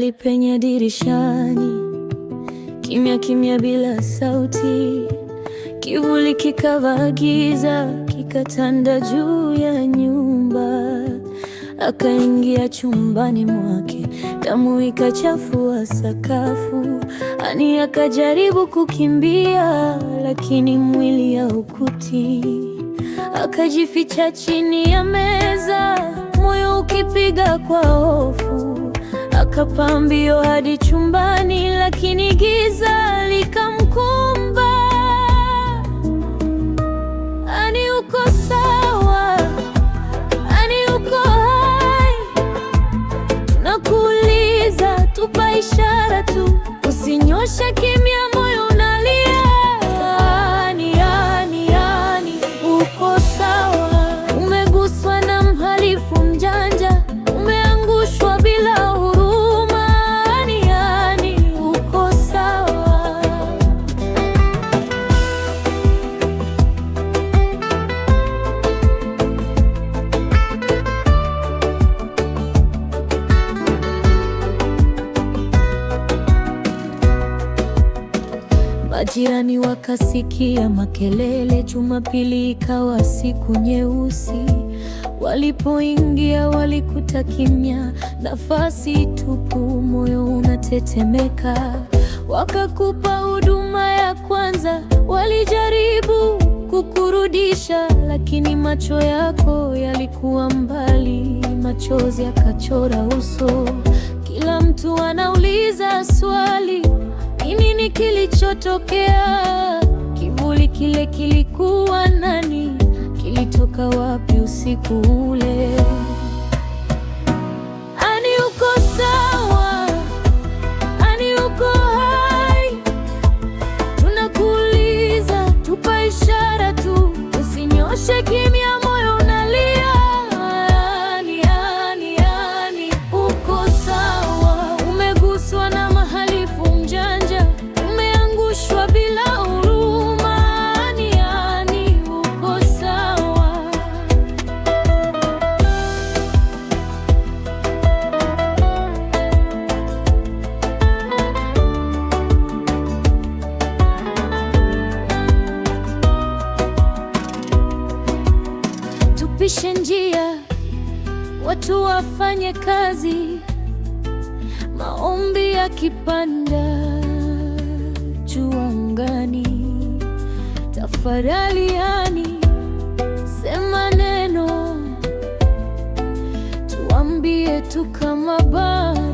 mahali penye dirishani, kimya kimya, bila sauti, kivuli kikavaa giza, kikatanda juu ya nyumba. Akaingia chumbani mwake, damu ikachafua sakafu. Ani akajaribu kukimbia, lakini mwili haukutii. Akajificha chini ya meza, moyo ukipiga kwa hofu. Akapaa mbio hadi chumbani, lakini giza likamkumba. Ani uko sawa? Ani uko hai? nakuuliza tupa ishara tu, usinyoshe kimi Majirani wakasikia makelele, Jumapili ikawa siku nyeusi. Walipoingia walikuta kimya, nafasi tupu, moyo unatetemeka. Wakakupa huduma ya kwanza, walijaribu kukurudisha, lakini macho yako yalikuwa mbali, machozi yakachora uso. Kila mtu anauliza swali nini kilichotokea? Kivuli kile kilikuwa nani? Kilitoka wapi usiku ule? Tupishe njia, watu wafanye kazi, maombi yakipanda juu angani, tafadhali yani, sema neno, tuambie tu kama